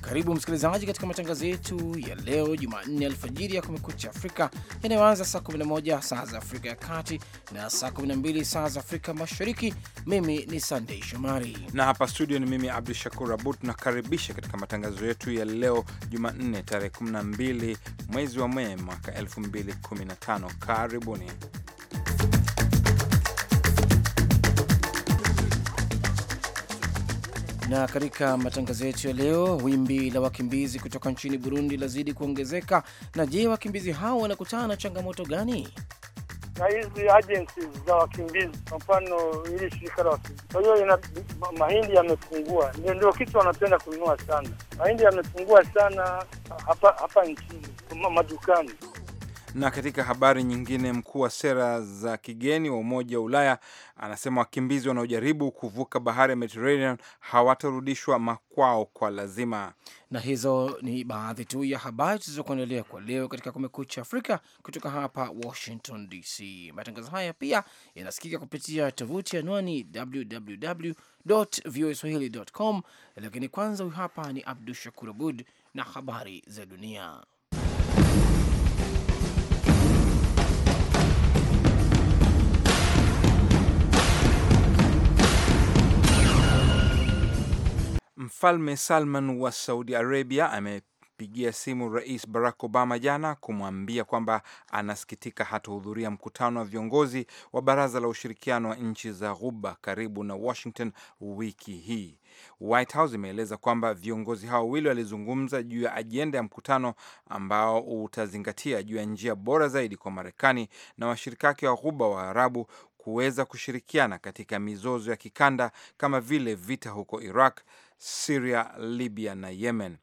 Karibu msikilizaji katika matangazo yetu ya leo Jumanne alfajiri ya Kumekucha Afrika yanayoanza saa 11 saa za Afrika ya Kati na saa 12 saa za Afrika Mashariki. Mimi ni Sandei Shomari na hapa studio ni mimi Abdu Shakur Abud. Tunakaribisha katika matangazo yetu ya leo Jumanne tarehe 12 mwezi wa Mei mwaka 2015. Karibuni. Na katika matangazo yetu ya leo, wimbi la wakimbizi kutoka nchini Burundi lazidi kuongezeka. Na je, wakimbizi hao wanakutana na changamoto gani? na hizi agencies za wakimbizi, kwa mfano hili shirika la wakimbizi, kwa hiyo ina mahindi yamepungua, ndio ndio kitu wanapenda kununua sana. Mahindi yamepungua sana hapa hapa nchini madukani. Na katika habari nyingine, mkuu wa sera za kigeni wa Umoja wa Ulaya anasema wakimbizi wanaojaribu kuvuka bahari ya Mediterranean hawatarudishwa makwao kwa lazima. Na hizo ni baadhi tu ya habari tulizokuandalia kwa leo katika Kumekucha Afrika kutoka hapa Washington DC. Matangazo haya pia yanasikika kupitia tovuti anwani www voa swahili com, lakini kwanza, huyu hapa ni Abdu Shakur Abud na habari za dunia. Mfalme Salman wa Saudi Arabia ame pigia simu Rais Barack Obama jana kumwambia kwamba anasikitika hatahudhuria mkutano wa viongozi wa Baraza la Ushirikiano wa Nchi za Ghuba karibu na Washington wiki hii. White House imeeleza kwamba viongozi hao wawili walizungumza juu ya ajenda ya mkutano ambao utazingatia juu ya njia bora zaidi kwa Marekani na washirika wake wa Ghuba wa Arabu kuweza kushirikiana katika mizozo ya kikanda kama vile vita huko Iraq Siria, Libya na Yemen.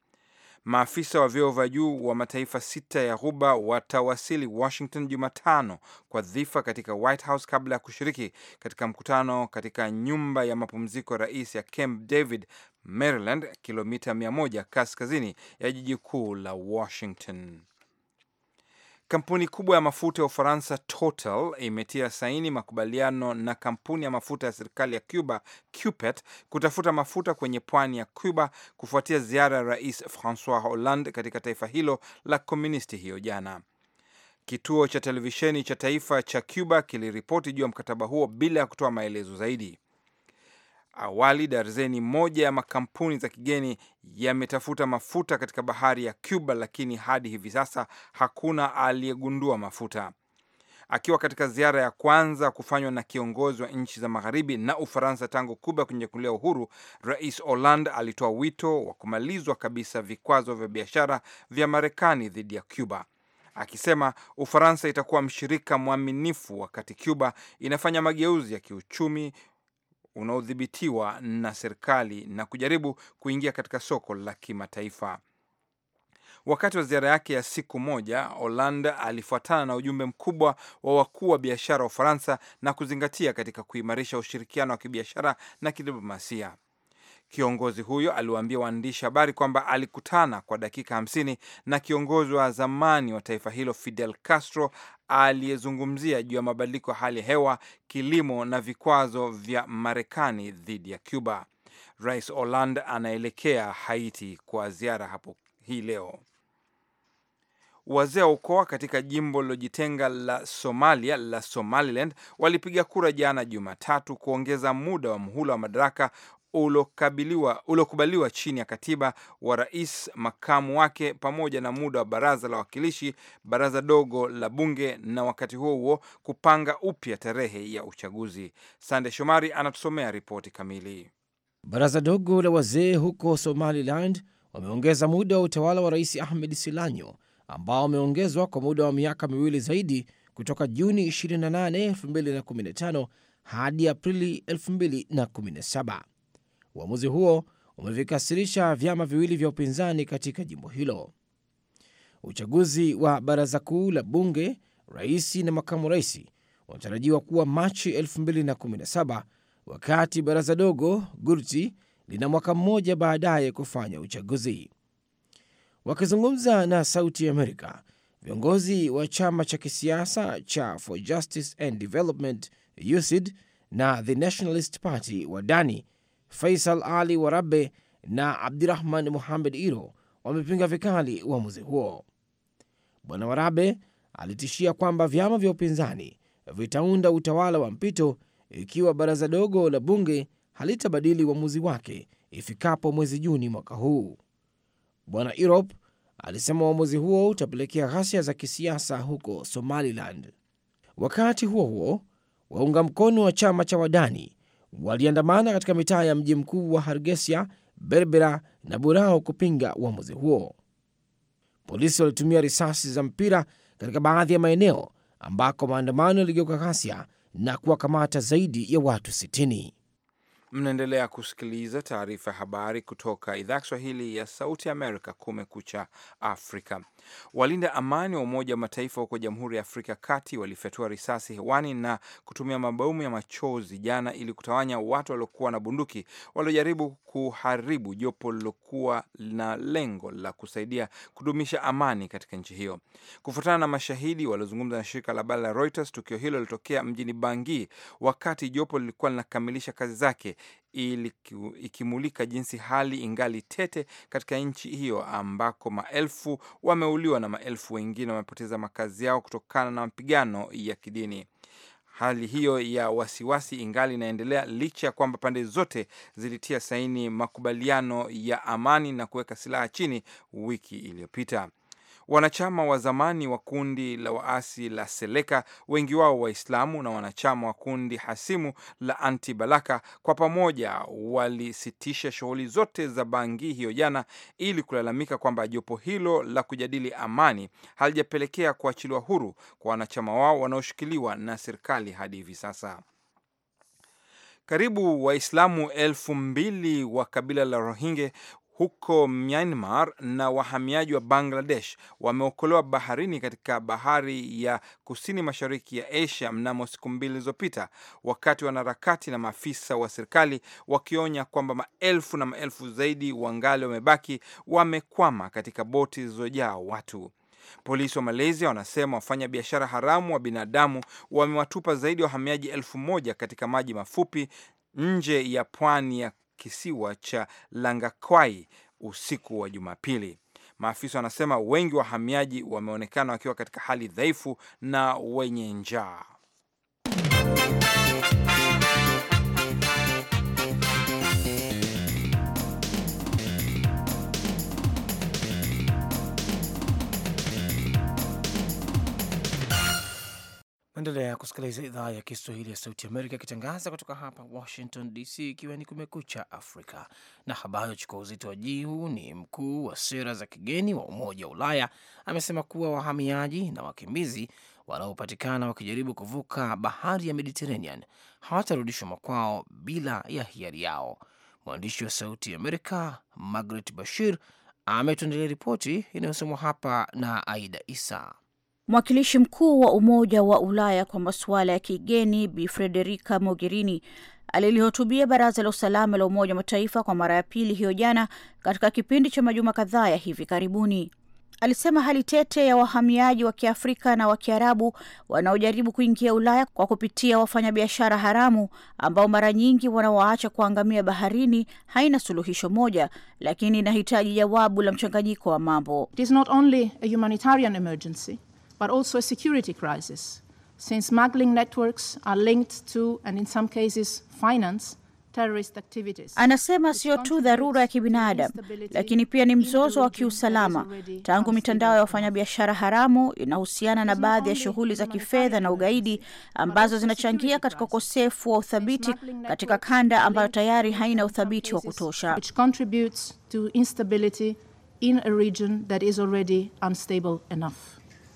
Maafisa wa vyeo vya juu wa mataifa sita ya Ghuba watawasili Washington Jumatano kwa dhifa katika White House kabla ya kushiriki katika mkutano katika nyumba ya mapumziko ya rais ya Camp David, Maryland, kilomita 100 kaskazini ya jiji kuu la Washington. Kampuni kubwa ya mafuta ya Ufaransa Total imetia saini makubaliano na kampuni ya mafuta ya serikali ya Cuba Cupet kutafuta mafuta kwenye pwani ya Cuba kufuatia ziara ya Rais Francois Hollande katika taifa hilo la komunisti hiyo jana. Kituo cha televisheni cha taifa cha Cuba kiliripoti juu ya mkataba huo bila ya kutoa maelezo zaidi. Awali darzeni moja ya makampuni za kigeni yametafuta mafuta katika bahari ya Cuba, lakini hadi hivi sasa hakuna aliyegundua mafuta. Akiwa katika ziara ya kwanza kufanywa na kiongozi wa nchi za magharibi na Ufaransa tangu Kuba kujinyakulia uhuru, Rais Hollande alitoa wito wa kumalizwa kabisa vikwazo vya biashara vya Marekani dhidi ya Cuba, akisema Ufaransa itakuwa mshirika mwaminifu wakati Cuba inafanya mageuzi ya kiuchumi, unaodhibitiwa na serikali na kujaribu kuingia katika soko la kimataifa. Wakati wa ziara yake ya siku moja, Hollande alifuatana na ujumbe mkubwa wa wakuu wa biashara wa Ufaransa na kuzingatia katika kuimarisha ushirikiano wa kibiashara na kidiplomasia. Kiongozi huyo aliwaambia waandishi habari kwamba alikutana kwa dakika hamsini na kiongozi wa zamani wa taifa hilo Fidel Castro aliyezungumzia juu ya mabadiliko ya hali ya hewa, kilimo na vikwazo vya Marekani dhidi ya Cuba. Rais Hollande anaelekea Haiti kwa ziara hapo hii leo. Wazee wa ukoa katika jimbo lilojitenga la Somalia la Somaliland walipiga kura jana Jumatatu kuongeza muda wa mhula wa madaraka uliokubaliwa chini ya katiba wa rais, makamu wake, pamoja na muda wa baraza la wawakilishi, baraza dogo la bunge, na wakati huo huo kupanga upya tarehe ya uchaguzi. Sande Shomari anatusomea ripoti kamili. Baraza dogo la wazee huko Somaliland wameongeza muda wa utawala wa rais Ahmed Silanyo ambao wameongezwa kwa muda wa miaka miwili zaidi kutoka Juni 28, 2015 hadi Aprili 2017. Uamuzi huo umevikasirisha vyama viwili vya upinzani katika jimbo hilo. Uchaguzi wa baraza kuu la bunge, rais na makamu rais unatarajiwa kuwa Machi 2017 wakati baraza dogo Gurti lina mwaka mmoja baadaye kufanya uchaguzi. Wakizungumza na Sauti ya Amerika, viongozi wa chama cha kisiasa cha For Justice and Development USID na The Nationalist Party wa Dani Faisal Ali Warabe na Abdirahman Muhamed Iro wamepinga vikali uamuzi huo. Bwana Warabe alitishia kwamba vyama vya upinzani vitaunda utawala wa mpito ikiwa baraza dogo la bunge halitabadili uamuzi wake ifikapo mwezi Juni mwaka huu. Bwana Irop alisema uamuzi huo utapelekea ghasia za kisiasa huko Somaliland. Wakati huo huo, waunga mkono wa chama cha Wadani waliandamana katika mitaa ya mji mkuu wa hargesia Berbera na Burao kupinga uamuzi huo. Polisi walitumia risasi za mpira katika baadhi ya maeneo ambako maandamano yaligeuka ghasia na kuwakamata zaidi ya watu 60. Mnaendelea kusikiliza taarifa ya habari kutoka idhaa ya Kiswahili ya Sauti Amerika, Kumekucha Afrika. Walinda amani wa Umoja wa Mataifa huko Jamhuri ya Afrika Kati walifyatua risasi hewani na kutumia mabomu ya machozi jana ili kutawanya watu waliokuwa na bunduki waliojaribu kuharibu jopo lilokuwa na lengo la kusaidia kudumisha amani katika nchi hiyo. Kufuatana na mashahidi waliozungumza na shirika la habari la Reuters, tukio hilo lilitokea mjini Bangui wakati jopo lilikuwa linakamilisha kazi zake ili ikimulika jinsi hali ingali tete katika nchi hiyo ambako maelfu wameuliwa na maelfu wengine wamepoteza makazi yao kutokana na mapigano ya kidini. Hali hiyo ya wasiwasi ingali inaendelea licha ya kwamba pande zote zilitia saini makubaliano ya amani na kuweka silaha chini wiki iliyopita. Wanachama wa zamani wa kundi la waasi la Seleka, wengi wao Waislamu, na wanachama wa kundi hasimu la Anti Balaka kwa pamoja walisitisha shughuli zote za bangi hiyo jana, ili kulalamika kwamba jopo hilo la kujadili amani halijapelekea kuachiliwa huru kwa wanachama wao wanaoshikiliwa na serikali hadi hivi sasa. Karibu Waislamu elfu mbili wa kabila la Rohingya huko Myanmar na wahamiaji wa Bangladesh wameokolewa baharini katika bahari ya kusini mashariki ya Asia mnamo siku mbili zilizopita, wakati wanaharakati na maafisa wa serikali wakionya kwamba maelfu na maelfu zaidi wangali wamebaki wamekwama katika boti zilizojaa watu. Polisi wa Malaysia wanasema wafanya biashara haramu wa binadamu wamewatupa zaidi ya wahamiaji elfu moja katika maji mafupi nje ya pwani ya kisiwa cha Langakwai usiku wa Jumapili. Maafisa wanasema wengi wahamiaji wameonekana wakiwa katika hali dhaifu na wenye njaa. Endelea kusikiliza idhaa ya Kiswahili ya Sauti Amerika ikitangaza kutoka hapa Washington DC, ikiwa ni Kumekucha Afrika na habari chukua uzito wa juu. Ni mkuu wa sera za kigeni wa Umoja wa Ulaya amesema kuwa wahamiaji na wakimbizi wanaopatikana wakijaribu kuvuka bahari ya Mediterranean hawatarudishwa makwao bila ya hiari yao. Mwandishi wa Sauti Amerika Margaret Bashir ametuandalia ripoti inayosomwa hapa na Aida Isa. Mwakilishi mkuu wa Umoja wa Ulaya kwa masuala ya kigeni Bi Frederika Mogherini alilihutubia Baraza la Usalama la Umoja wa Mataifa kwa mara ya pili hiyo jana, katika kipindi cha majuma kadhaa ya hivi karibuni. Alisema hali tete ya wahamiaji wa Kiafrika na wa Kiarabu wanaojaribu kuingia Ulaya kwa kupitia wafanyabiashara haramu ambao mara nyingi wanawaacha kuangamia baharini haina suluhisho moja, lakini inahitaji jawabu la mchanganyiko wa mambo. It is not only a humanitarian emergency but also a security crisis, since smuggling networks are linked to and in some cases finance Anasema sio tu dharura ya kibinadamu, lakini pia ni mzozo wa kiusalama tangu mitandao ya wafanyabiashara haramu inahusiana na baadhi ya shughuli za kifedha na ugaidi ambazo zinachangia katika ukosefu wa uthabiti katika kanda ambayo tayari haina uthabiti wa kutosha.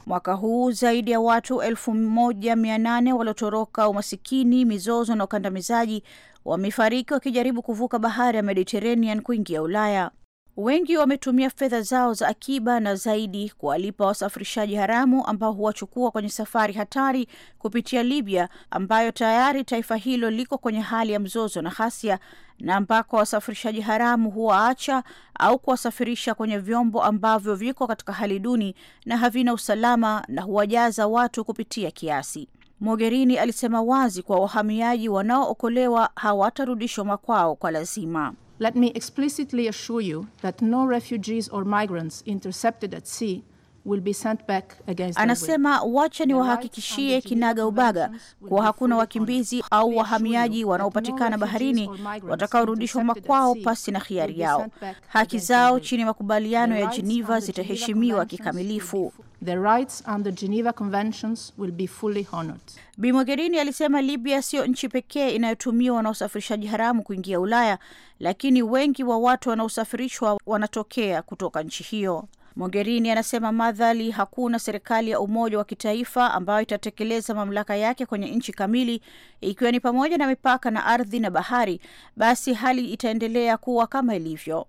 Mwaka huu zaidi ya watu elfu moja mia nane waliotoroka umasikini, mizozo na ukandamizaji wamefariki wakijaribu kuvuka bahari ya Mediterranean kuingia Ulaya. Wengi wametumia fedha zao za akiba na zaidi kuwalipa wasafirishaji haramu ambao huwachukua kwenye safari hatari kupitia Libya, ambayo tayari taifa hilo liko kwenye hali ya mzozo na ghasia, na ambako wasafirishaji haramu huwaacha au kuwasafirisha kwenye vyombo ambavyo viko katika hali duni na havina usalama na huwajaza watu kupitia kiasi. Mogherini alisema wazi kwa wahamiaji wanaookolewa hawatarudishwa makwao kwa lazima let me explicitly assure you that no refugees or migrants intercepted at sea Will be sent back against anasema, wacha ni wahakikishie kinaga ubaga kuwa hakuna wakimbizi au wahamiaji wanaopatikana baharini watakaorudishwa makwao pasi na hiari yao. Haki zao chini ya makubaliano ya Geneva zitaheshimiwa kikamilifu. The rights under Geneva Conventions will be fully honored. Bi Mogherini alisema Libya siyo nchi pekee inayotumiwa na usafirishaji haramu kuingia Ulaya, lakini wengi wa watu wanaosafirishwa wanatokea kutoka nchi hiyo. Mogherini anasema madhali hakuna serikali ya umoja wa kitaifa ambayo itatekeleza mamlaka yake kwenye nchi kamili, ikiwa ni pamoja na mipaka na ardhi na bahari, basi hali itaendelea kuwa kama ilivyo.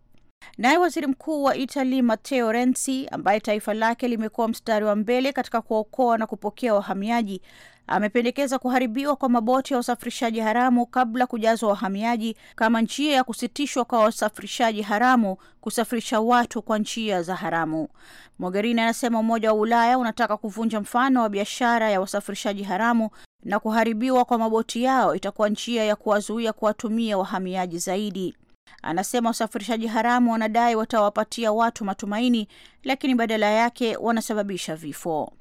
Naye waziri mkuu wa Itali Matteo Renzi, ambaye taifa lake limekuwa mstari wa mbele katika kuwaokoa na kupokea wahamiaji, amependekeza kuharibiwa kwa maboti ya usafirishaji haramu kabla kujazwa wahamiaji kama njia ya kusitishwa kwa wasafirishaji haramu kusafirisha watu kwa njia za haramu. Mogherini anasema Umoja wa Ulaya unataka kuvunja mfano wa biashara ya wasafirishaji haramu na kuharibiwa kwa maboti yao itakuwa njia ya kuwazuia kuwatumia wahamiaji zaidi. Anasema wasafirishaji haramu wanadai watawapatia watu matumaini, lakini badala yake wanasababisha vifo.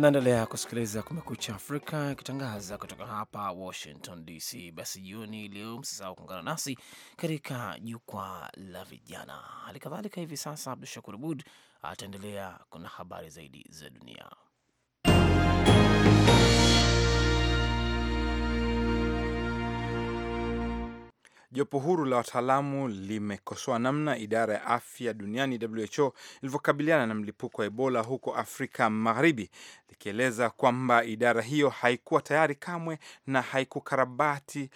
Naendelea kusikiliza Kumekucha Afrika ikitangaza kutoka hapa Washington DC. Basi jioni leo, msisahau kuungana nasi katika jukwaa la vijana. Hali kadhalika hivi sasa Abdu Shakur Abud ataendelea kuna habari zaidi za dunia. Jopo huru la wataalamu limekosoa namna idara ya afya duniani WHO ilivyokabiliana na mlipuko wa Ebola huko Afrika Magharibi, likieleza kwamba idara hiyo haikuwa tayari kamwe na haikukarabati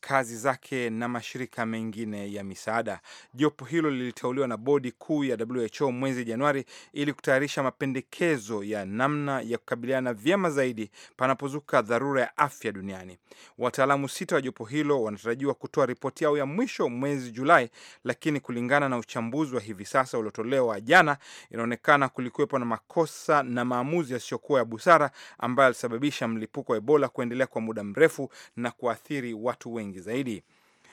kazi zake na mashirika mengine ya misaada. Jopo hilo liliteuliwa na bodi kuu ya WHO mwezi Januari ili kutayarisha mapendekezo ya namna ya kukabiliana vyema zaidi panapozuka dharura ya afya duniani. Wataalamu sita wa jopo hilo wanatarajiwa kutoa ripoti yao ya mwisho mwezi Julai, lakini kulingana na uchambuzi wa hivi sasa uliotolewa jana, inaonekana kulikuwepo na makosa na maamuzi yasiyokuwa ya busara ambayo yalisababisha mlipuko wa Ebola kuendelea kwa muda mrefu na kuathiri watu wengi mengi zaidi.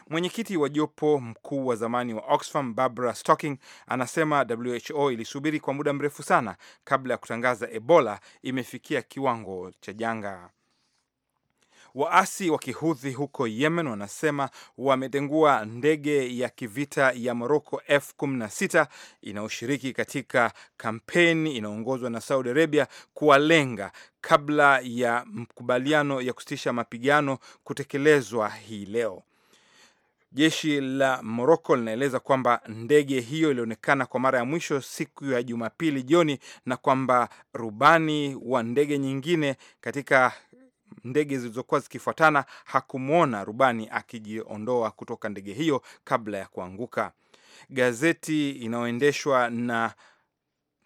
Mwenyekiti wa jopo mkuu wa zamani wa Oxfam Barbara Stocking anasema WHO ilisubiri kwa muda mrefu sana kabla ya kutangaza Ebola imefikia kiwango cha janga. Waasi wa kihudhi huko Yemen wanasema wametengua ndege ya kivita ya Moroko F16 inayoshiriki katika kampeni inayoongozwa na Saudi Arabia kuwalenga kabla ya mkubaliano ya kusitisha mapigano kutekelezwa hii leo. Jeshi la Moroko linaeleza kwamba ndege hiyo ilionekana kwa mara ya mwisho siku ya Jumapili jioni na kwamba rubani wa ndege nyingine katika ndege zilizokuwa zikifuatana hakumwona rubani akijiondoa kutoka ndege hiyo kabla ya kuanguka. Gazeti inayoendeshwa na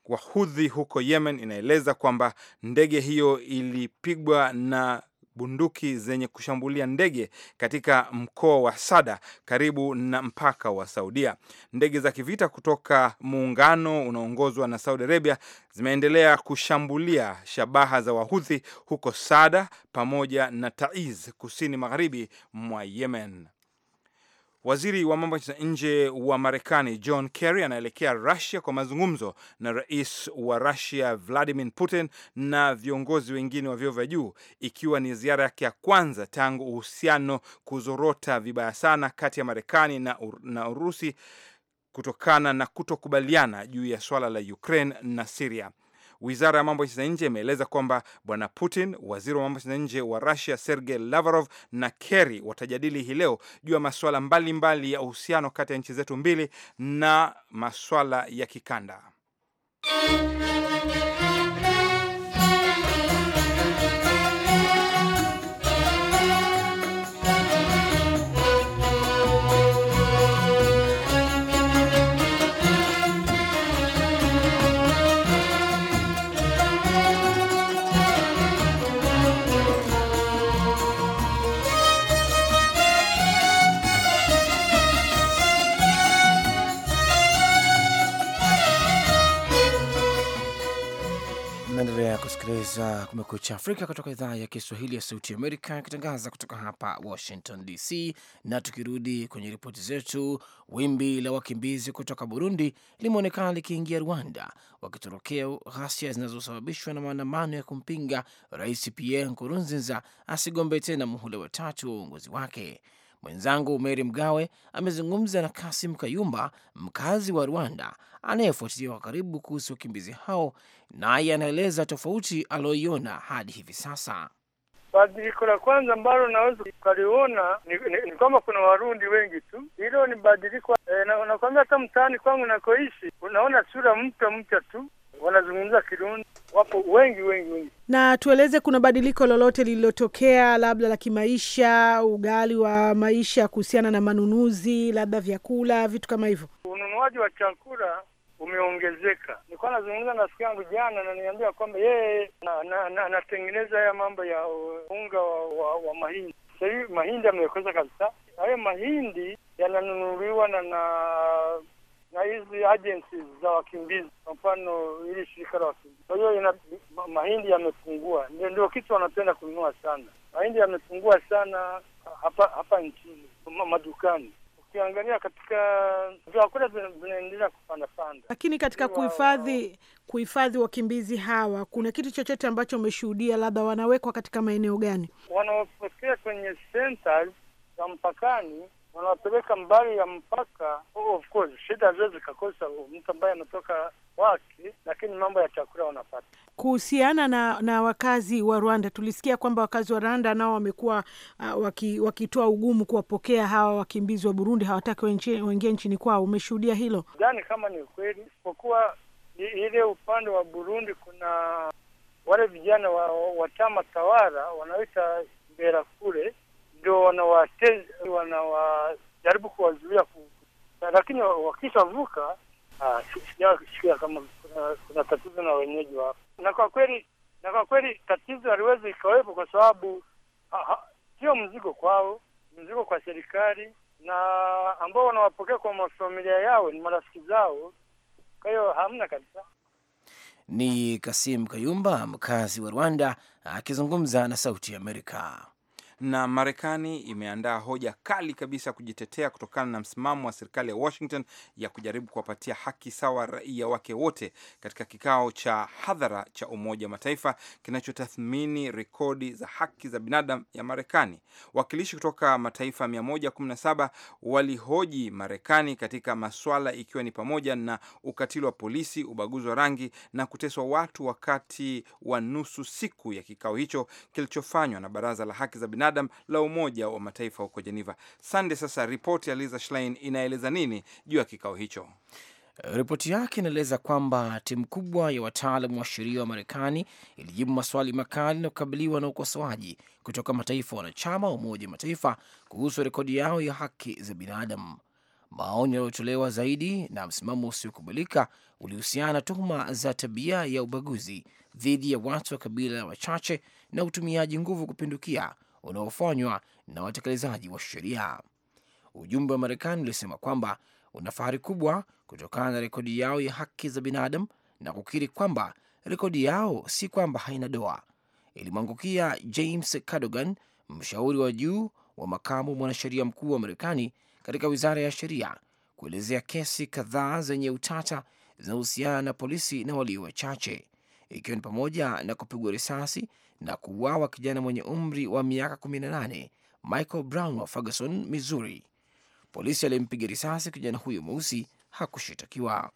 wahudhi huko Yemen inaeleza kwamba ndege hiyo ilipigwa na bunduki zenye kushambulia ndege katika mkoa wa Sada karibu na mpaka wa Saudia. Ndege za kivita kutoka muungano unaoongozwa na Saudi Arabia zimeendelea kushambulia shabaha za Wahuthi huko Sada pamoja na Taiz kusini magharibi mwa Yemen. Waziri wa mambo ya nje wa Marekani John Kerry anaelekea Russia kwa mazungumzo na rais wa Russia Vladimir Putin na viongozi wengine wa vyeo vya juu, ikiwa ni ziara yake ya kwanza tangu uhusiano kuzorota vibaya sana kati ya Marekani na, ur na Urusi kutokana na kutokubaliana juu ya swala la Ukraine na siria Wizara ya mambo ya nje imeeleza kwamba bwana Putin, waziri wa mambo ya nje wa Russia Sergei Lavrov na Kerry watajadili hii leo juu ya masuala mbalimbali ya uhusiano kati ya nchi zetu mbili na masuala ya kikanda. kusikiliza Kumekucha Afrika kutoka idhaa ya Kiswahili ya Sauti Amerika ikitangaza kutoka hapa Washington DC. Na tukirudi kwenye ripoti zetu, wimbi la wakimbizi kutoka Burundi limeonekana likiingia Rwanda wakitorokea ghasia zinazosababishwa na maandamano ya kumpinga Rais Pierre Nkurunziza asigombee tena muhula watatu wa uongozi wake. Mwenzangu Meri Mgawe amezungumza na Kasim Kayumba, mkazi wa Rwanda anayefuatilia kwa karibu kuhusu wakimbizi hao, naye anaeleza tofauti aliyoiona hadi hivi sasa. Badiliko la kwanza ambalo naweza ukaliona ni, ni, ni kwamba kuna Warundi wengi tu. Hilo ni badiliko eh, nakwambia hata mtaani kwangu nakoishi unaona sura mpya mpya tu wanazungumza Kirundi, wapo wengi wengi wengi. Na tueleze, kuna badiliko lolote lililotokea, labda la kimaisha, ugali wa maisha, kuhusiana na manunuzi, labda vyakula, vitu kama hivyo? Ununuaji wa chakula umeongezeka. Nilikuwa nazungumza na siku yangu jana, naniambia kwamba yeye anatengeneza na, na, haya mambo ya unga wa, wa, wa mahindi. Sasa hivi mahindi amewekeza kabisa, hayo mahindi yananunuliwa na na na hizi agencies za wakimbizi, kwa mfano hili shirika la wakimbizi. Kwa hiyo ina mahindi yamepungua, ndio ndio kitu wanapenda kununua sana. Mahindi yamepungua sana hapa hapa nchini madukani. Ukiangalia katika vyakula vinaendelea kupanda panda, lakini katika kuhifadhi kuhifadhi wakimbizi hawa, kuna kitu chochote ambacho umeshuhudia, labda wanawekwa katika maeneo gani? Wanaopokea kwenye senta za mpakani wanawapeleka mbali ya mpaka. Oh, of course shida zote zikakosa mtu ambaye anatoka wake, lakini mambo ya chakula wanapata. Kuhusiana na na wakazi wa Rwanda, tulisikia kwamba wakazi wa Rwanda nao wamekuwa uh, waki, wakitoa ugumu kuwapokea hawa wakimbizi wa Burundi, hawataki waingie nchini kwao. Umeshuhudia hilo jani? Kama ni kweli, isipokuwa ile upande wa Burundi kuna wale vijana wa, wa chama tawala wanaoita kule ndio wanawa wanawajaribu kuwazuia ku, lakini wakishavuka ah, sikia kama ah, kuna, tatizo na wenyeji wao, na kwa kweli na kwa kweli tatizo haliwezi ikawepo kwa sababu ah, sio mzigo kwao, mzigo kwa serikali na ambao wanawapokea kwa mafamilia yao ni marafiki zao, kwa hiyo hamna kabisa. Ni Kasim Kayumba, mkazi wa Rwanda, akizungumza na Sauti ya Amerika na Marekani imeandaa hoja kali kabisa kujitetea kutokana na msimamo wa serikali ya Washington ya kujaribu kuwapatia haki sawa raia wake wote katika kikao cha hadhara cha Umoja wa Mataifa kinachotathmini rekodi za haki za binadamu ya Marekani. Wakilishi kutoka mataifa 117 walihoji Marekani katika maswala ikiwa ni pamoja na ukatili wa polisi, ubaguzi wa rangi na kuteswa watu wakati wa nusu siku ya kikao hicho kilichofanywa na Baraza la Haki za Binadamu binadamu la Umoja wa Mataifa huko Geneva. Sande, sasa ripoti ya Lisa Schlein inaeleza nini juu ya kikao hicho? Ripoti yake inaeleza kwamba timu kubwa ya wataalam wa sheria wa Marekani ilijibu maswali makali na kukabiliwa na ukosoaji kutoka mataifa wanachama wa Umoja wa Mataifa kuhusu rekodi yao ya haki za binadamu. Maoni yaliyotolewa zaidi na msimamo usiokubalika ulihusiana na tuhuma za tabia ya ubaguzi dhidi ya watu wa kabila wachache na utumiaji nguvu kupindukia unaofanywa na watekelezaji wa sheria. Ujumbe wa Marekani ulisema kwamba una fahari kubwa kutokana na rekodi yao ya haki za binadamu na kukiri kwamba rekodi yao si kwamba haina doa. Ilimwangukia James Cadogan, mshauri wa juu wa makamu mwanasheria mkuu wa Marekani katika wizara ya sheria, kuelezea kesi kadhaa zenye utata zinahusiana na polisi na walio wachache, ikiwa ni pamoja na kupigwa risasi na kuuawa kijana mwenye umri wa miaka 18 Michael Brown wa Ferguson, Missouri. Polisi alimpiga risasi kijana huyo mweusi hakushitakiwa.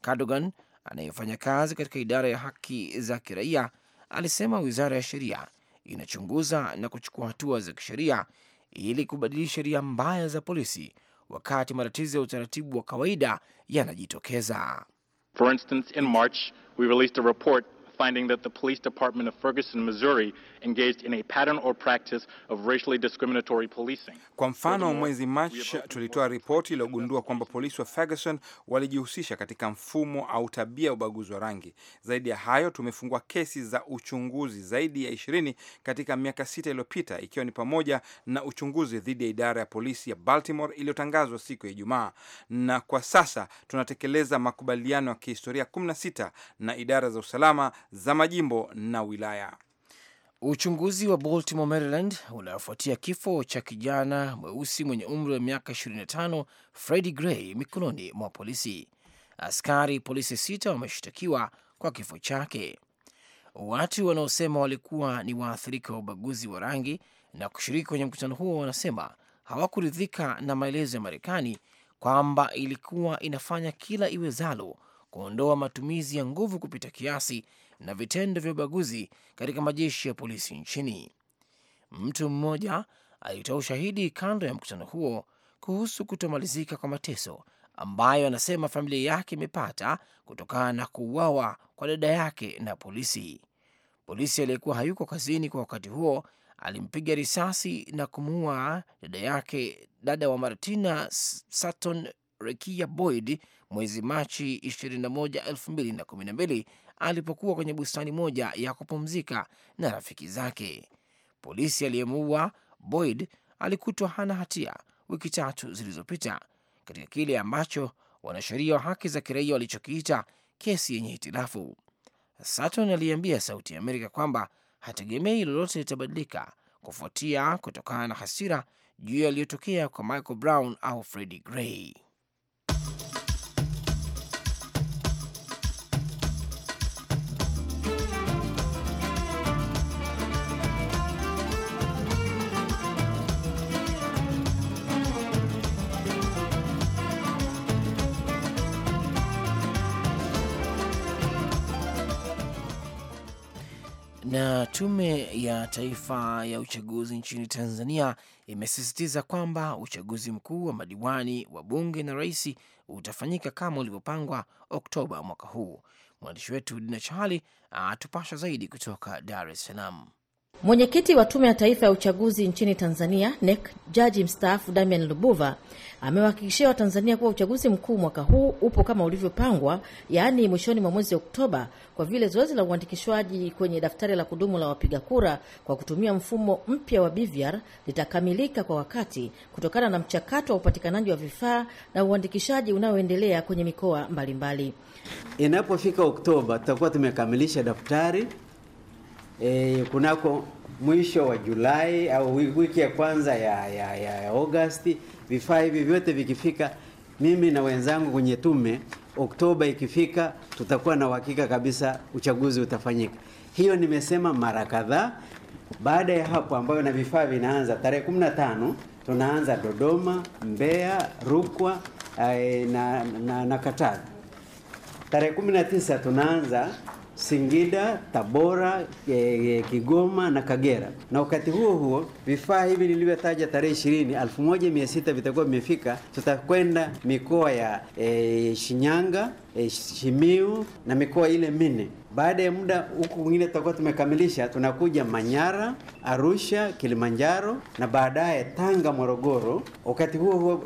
Cadogan anayefanya kazi katika idara ya haki za kiraia alisema wizara ya sheria inachunguza na kuchukua hatua za kisheria ili kubadili sheria mbaya za polisi wakati matatizo ya utaratibu wa kawaida yanajitokeza. For instance, in March, we released a report finding that the police department of Ferguson, Missouri engaged in a pattern or practice of racially discriminatory policing. Kwa mfano, mwezi Machi tulitoa ripoti iliyogundua kwamba polisi wa Ferguson walijihusisha katika mfumo au tabia ya ubaguzi wa rangi. Zaidi ya hayo, tumefungua kesi za uchunguzi zaidi ya 20 katika miaka sita iliyopita, ikiwa ni pamoja na uchunguzi dhidi ya idara ya polisi ya Baltimore iliyotangazwa siku ya Ijumaa, na kwa sasa tunatekeleza makubaliano ya kihistoria 16 na idara za usalama za majimbo na wilaya. Uchunguzi wa Baltimore, Maryland unaofuatia kifo cha kijana mweusi mwenye umri wa miaka 25 Freddie Gray mikononi mwa polisi. Askari polisi sita wameshtakiwa kwa kifo chake. Watu wanaosema walikuwa ni waathirika wa ubaguzi wa rangi na kushiriki kwenye mkutano huo wanasema hawakuridhika na maelezo ya Marekani kwamba ilikuwa inafanya kila iwezalo kuondoa matumizi ya nguvu kupita kiasi na vitendo vya ubaguzi katika majeshi ya polisi nchini. Mtu mmoja alitoa ushahidi kando ya mkutano huo kuhusu kutomalizika kwa mateso ambayo anasema familia yake imepata kutokana na kuuawa kwa dada yake na polisi. Polisi aliyekuwa hayuko kazini kwa wakati huo alimpiga risasi na kumuua dada yake, dada wa Martina Sutton Rekia Boyd mwezi Machi 21, 2012 alipokuwa kwenye bustani moja ya kupumzika na rafiki zake. Polisi aliyemuua Boyd alikutwa hana hatia wiki tatu zilizopita katika kile ambacho wanasheria wa haki za kiraia walichokiita kesi yenye hitilafu. Sutton aliambia Sauti ya Amerika kwamba hategemei lolote litabadilika kufuatia kutokana na hasira juu yaliyotokea kwa Michael Brown au Freddie Gray. Na Tume ya Taifa ya Uchaguzi nchini Tanzania imesisitiza kwamba uchaguzi mkuu wa madiwani wa bunge na rais utafanyika kama ulivyopangwa Oktoba mwaka huu. Mwandishi wetu Dina Chahali atupasha zaidi kutoka Dar es Salaam. Mwenyekiti wa Tume ya Taifa ya Uchaguzi nchini Tanzania, NEC, jaji mstaafu Damian Lubuva amewahakikishia Watanzania kuwa uchaguzi mkuu mwaka huu upo kama ulivyopangwa, yaani mwishoni mwa mwezi Oktoba, kwa vile zoezi la uandikishwaji kwenye daftari la kudumu la wapiga kura kwa kutumia mfumo mpya wa BVR litakamilika kwa wakati kutokana na mchakato wa upatikanaji wa vifaa na uandikishaji unaoendelea kwenye mikoa mbalimbali. Inapofika Oktoba tutakuwa tumekamilisha daftari e, kunako mwisho wa Julai au wiki ya kwanza ya, ya, ya, Agosti, vifaa hivi vyote vikifika, mimi na wenzangu kwenye tume, Oktoba ikifika, tutakuwa na uhakika kabisa uchaguzi utafanyika. Hiyo nimesema mara kadhaa. Baada ya hapo, ambayo na vifaa vinaanza tarehe 15, tunaanza Dodoma, Mbeya, Rukwa eh, na, na, na Katavi. Tarehe 19 tunaanza Singida, Tabora, e, Kigoma na Kagera. Na wakati huo huo vifaa hivi nilivyotaja tarehe 20 1600 vitakuwa vimefika. Tutakwenda mikoa ya e, Shinyanga e, Shimiu na mikoa ile mine Baada ya muda huku kwingine tutakuwa tumekamilisha, tunakuja Manyara, Arusha, Kilimanjaro na baadaye Tanga, Morogoro. Wakati huo huo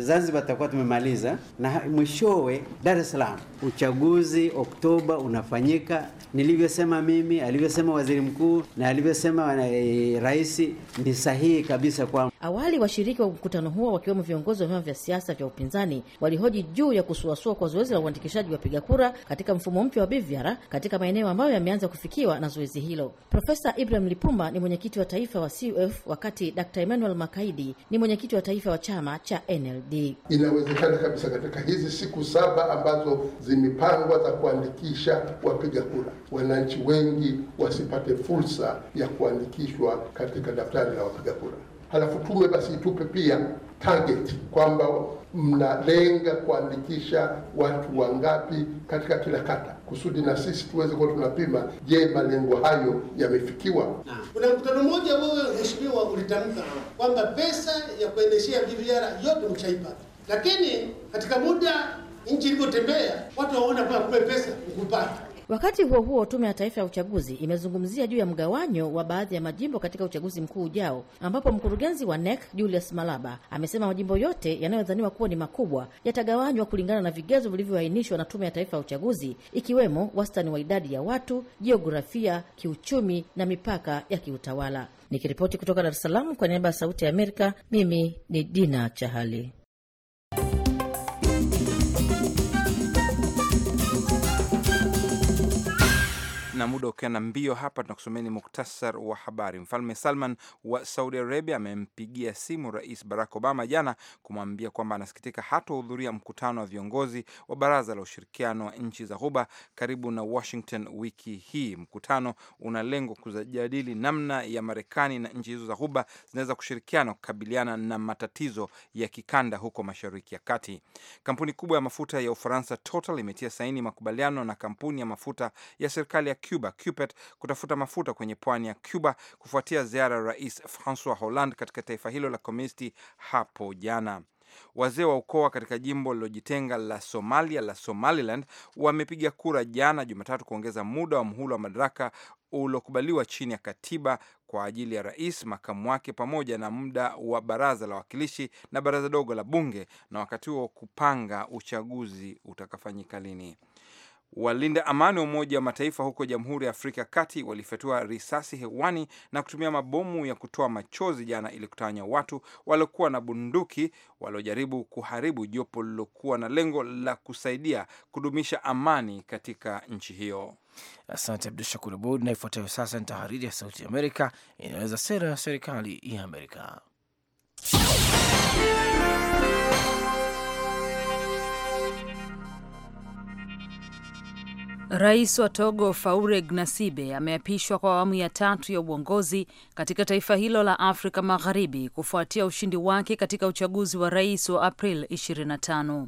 Zanzibar tutakuwa tumemaliza, na mwishowe Dar es Salaam. Uchaguzi Oktoba unafanyika, nilivyosema mimi, alivyosema waziri mkuu na alivyosema e, rais ni sahihi kabisa. Kwa awali washiriki wa mkutano huo wakiwemo viongozi wa vyama vya siasa vya upinzani walihoji juu ya kusuasua kupasua kwa zoezi la uandikishaji wapiga kura katika mfumo mpya wa BVR katika maeneo ambayo yameanza kufikiwa na zoezi hilo. Profesa Ibrahim Lipumba ni mwenyekiti wa taifa wa CUF, wakati Dr. Emmanuel Makaidi ni mwenyekiti wa taifa wa chama cha NLD. Inawezekana kabisa katika hizi siku saba ambazo zimepangwa za kuandikisha wapiga kura, wananchi wengi wasipate fursa ya kuandikishwa katika daftari la wapiga kura. Halafu tume basi itupe pia target kwamba mnalenga kuandikisha watu wangapi katika kila kata, kusudi na sisi tuweze kuwa tunapima, je, malengo hayo yamefikiwa? Kuna mkutano mmoja wewe mheshimiwa ulitamka kwamba pesa ya kuendeshea viviara yote mshaipata, lakini katika muda nchi ilivyotembea watu waona kwamba kumbe pesa ukupata Wakati huo huo, Tume ya Taifa ya Uchaguzi imezungumzia juu ya mgawanyo wa baadhi ya majimbo katika uchaguzi mkuu ujao, ambapo mkurugenzi wa NEC Julius Malaba amesema majimbo yote yanayodhaniwa kuwa ni makubwa yatagawanywa kulingana na vigezo vilivyoainishwa na Tume ya Taifa ya Uchaguzi, ikiwemo wastani wa idadi ya watu, jiografia, kiuchumi na mipaka ya kiutawala. Nikiripoti kutoka Dar es Salaam kwa niaba ya Sauti ya Amerika, mimi ni Dina Chahali. na muda na mbio hapa, tunakusomeni muktasar wa habari. Mfalme Salman wa Saudi Arabia amempigia simu Rais Barack Obama jana kumwambia kwamba anasikitika hatohudhuria mkutano wa viongozi wa Baraza la Ushirikiano wa Nchi za Ghuba karibu na Washington wiki hii. Mkutano una lengo kujadili namna ya Marekani na nchi hizo za Ghuba zinaweza kushirikiana kukabiliana na matatizo ya kikanda huko Mashariki ya Kati. Kampuni kubwa ya mafuta ya Ufaransa Total imetia saini makubaliano na kampuni ya mafuta ya serikali ya Cuba Cuba, CUPET, kutafuta mafuta kwenye pwani ya Cuba kufuatia ziara ya Rais Francois Hollande katika taifa hilo la komunisti hapo jana. Wazee wa ukoa katika jimbo lilojitenga la Somalia la Somaliland wamepiga kura jana Jumatatu kuongeza muda wa mhula wa madaraka uliokubaliwa chini ya katiba kwa ajili ya rais, makamu wake, pamoja na muda wa baraza la wakilishi na baraza dogo la bunge, na wakati huo kupanga uchaguzi utakafanyika lini. Walinda amani wa Umoja wa Mataifa huko Jamhuri ya Afrika Kati walifyatua risasi hewani na kutumia mabomu ya kutoa machozi jana, ili kutawanya watu waliokuwa na bunduki waliojaribu kuharibu jopo lililokuwa na lengo la kusaidia kudumisha amani katika nchi hiyo. Asante Abdu Shakur Abud. Na ifuatayo sasa ni tahariri ya Sauti ya Amerika inaweza sera ya serikali ya Amerika. Rais wa Togo Faure Gnassingbé ameapishwa kwa awamu ya tatu ya uongozi katika taifa hilo la Afrika Magharibi kufuatia ushindi wake katika uchaguzi wa rais wa April 25.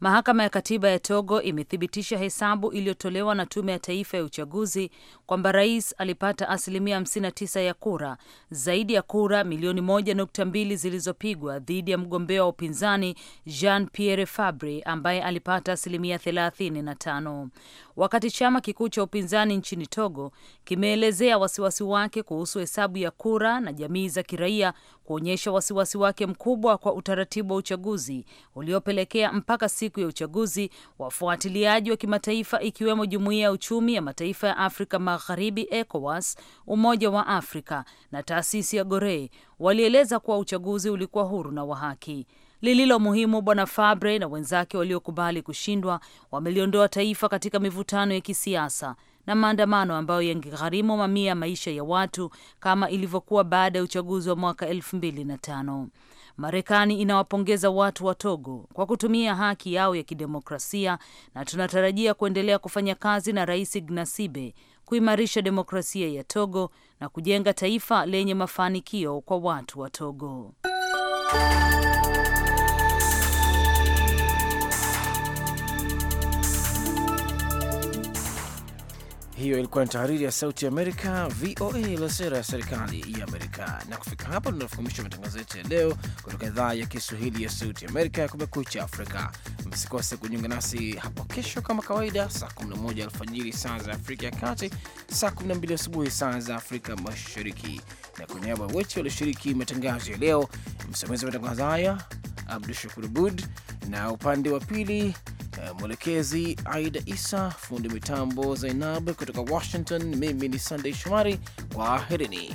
Mahakama ya Katiba ya Togo imethibitisha hesabu iliyotolewa na Tume ya Taifa ya Uchaguzi kwamba rais alipata asilimia 59 ya kura, zaidi ya kura milioni 1.2 zilizopigwa dhidi ya mgombea wa upinzani Jean Pierre Fabre ambaye alipata asilimia 35. Wakati chama kikuu cha upinzani nchini Togo kimeelezea wasiwasi wake kuhusu hesabu ya kura na jamii za kiraia kuonyesha wasiwasi wake mkubwa kwa utaratibu wa uchaguzi uliopelekea mpaka siku siku ya uchaguzi, wafuatiliaji wa kimataifa ikiwemo Jumuiya ya Uchumi ya Mataifa ya Afrika Magharibi, ECOWAS, Umoja wa Afrika na taasisi ya Gorei walieleza kuwa uchaguzi ulikuwa huru na wa haki. Lililo muhimu, Bwana Fabre na wenzake waliokubali kushindwa wameliondoa taifa katika mivutano ya kisiasa na maandamano ambayo yangegharimu mamia ya maisha ya watu kama ilivyokuwa baada ya uchaguzi wa mwaka elfu mbili na tano. Marekani inawapongeza watu wa Togo kwa kutumia haki yao ya kidemokrasia na tunatarajia kuendelea kufanya kazi na Rais Gnasibe kuimarisha demokrasia ya Togo na kujenga taifa lenye mafanikio kwa watu wa Togo. Hiyo ilikuwa ni tahariri ya Sauti Amerika, VOA, iliyosera ya serikali ya Amerika. Na kufika hapo, tunafukumisha matangazo yetu ya leo kutoka idhaa ya Kiswahili ya Sauti Amerika ya Kumekucha Afrika. Msikose kujiunga nasi hapo kesho kama kawaida, saa 11 alfajiri saa za Afrika ya Kati, saa 12 asubuhi saa za Afrika Mashariki. Na kwa niaba wote walioshiriki matangazo ya leo, msimamizi wa matangazo haya Abdu Shakur Abud, na upande wa pili eh, mwelekezi Aida Isa, fundi mitambo Zainab kutoka Washington. Mimi ni Sandey Shomari, kwa herini.